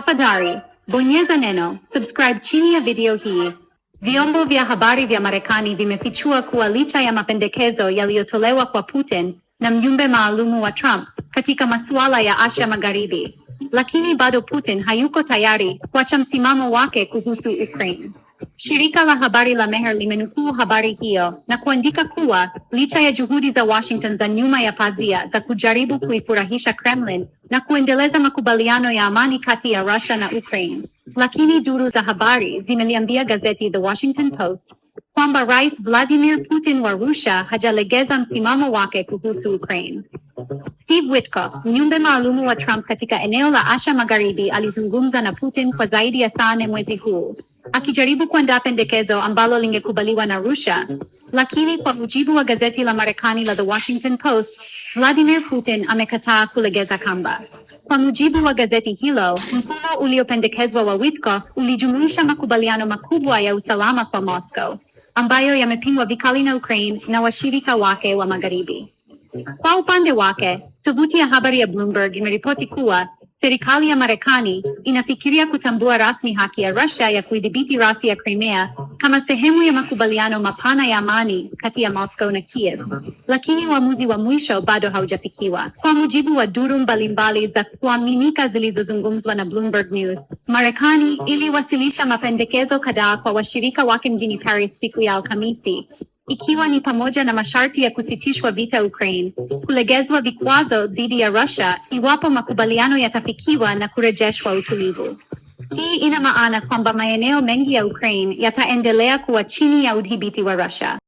Tafadhali bonyeza neno subscribe chini ya video hii. Vyombo vya habari vya Marekani vimefichua kuwa licha ya mapendekezo yaliyotolewa kwa Putin na mjumbe maalumu wa Trump katika masuala ya Asia Magharibi, lakini bado Putin hayuko tayari kuacha msimamo wake kuhusu Ukraine. Shirika la habari la meher limenukuu habari hiyo na kuandika kuwa licha ya juhudi za Washington za nyuma ya pazia za kujaribu kuifurahisha Kremlin na kuendeleza makubaliano ya amani kati ya Russia na Ukraine, lakini duru za habari zimeliambia gazeti The Washington Post kwamba Rais Vladimir Putin wa Russia hajalegeza msimamo wake kuhusu Ukraine. Steve Witkoff, mjumbe maalumu wa Trump katika eneo la Asia Magharibi, alizungumza na Putin kwa zaidi ya saa nne mwezi huu akijaribu kuandaa pendekezo ambalo lingekubaliwa na Russia, lakini kwa mujibu wa gazeti la Marekani la The Washington Post, Vladimir Putin amekataa kulegeza kamba. Kwa mujibu wa gazeti hilo, mfumo uliopendekezwa wa Witkoff ulijumuisha makubaliano makubwa ya usalama kwa Moscow ambayo yamepingwa vikali na Ukraine na washirika wake wa Magharibi. Kwa upande wake, tovuti ya habari ya Bloomberg imeripoti kuwa serikali ya Marekani inafikiria kutambua rasmi haki ya Russia ya kuidhibiti rasi ya Crimea kama sehemu ya makubaliano mapana ya amani kati ya Moscow na Kiev, lakini uamuzi wa mwisho bado haujafikiwa. Kwa mujibu wa duru mbalimbali za kuaminika zilizozungumzwa na Bloomberg News, Marekani iliwasilisha mapendekezo kadhaa kwa washirika wake mjini Paris siku ya Alhamisi, ikiwa ni pamoja na masharti ya kusitishwa vita Ukraine, kulegezwa vikwazo dhidi ya Russia iwapo makubaliano yatafikiwa na kurejeshwa utulivu. Hii ina maana kwamba maeneo mengi ya Ukraine yataendelea kuwa chini ya udhibiti wa Russia.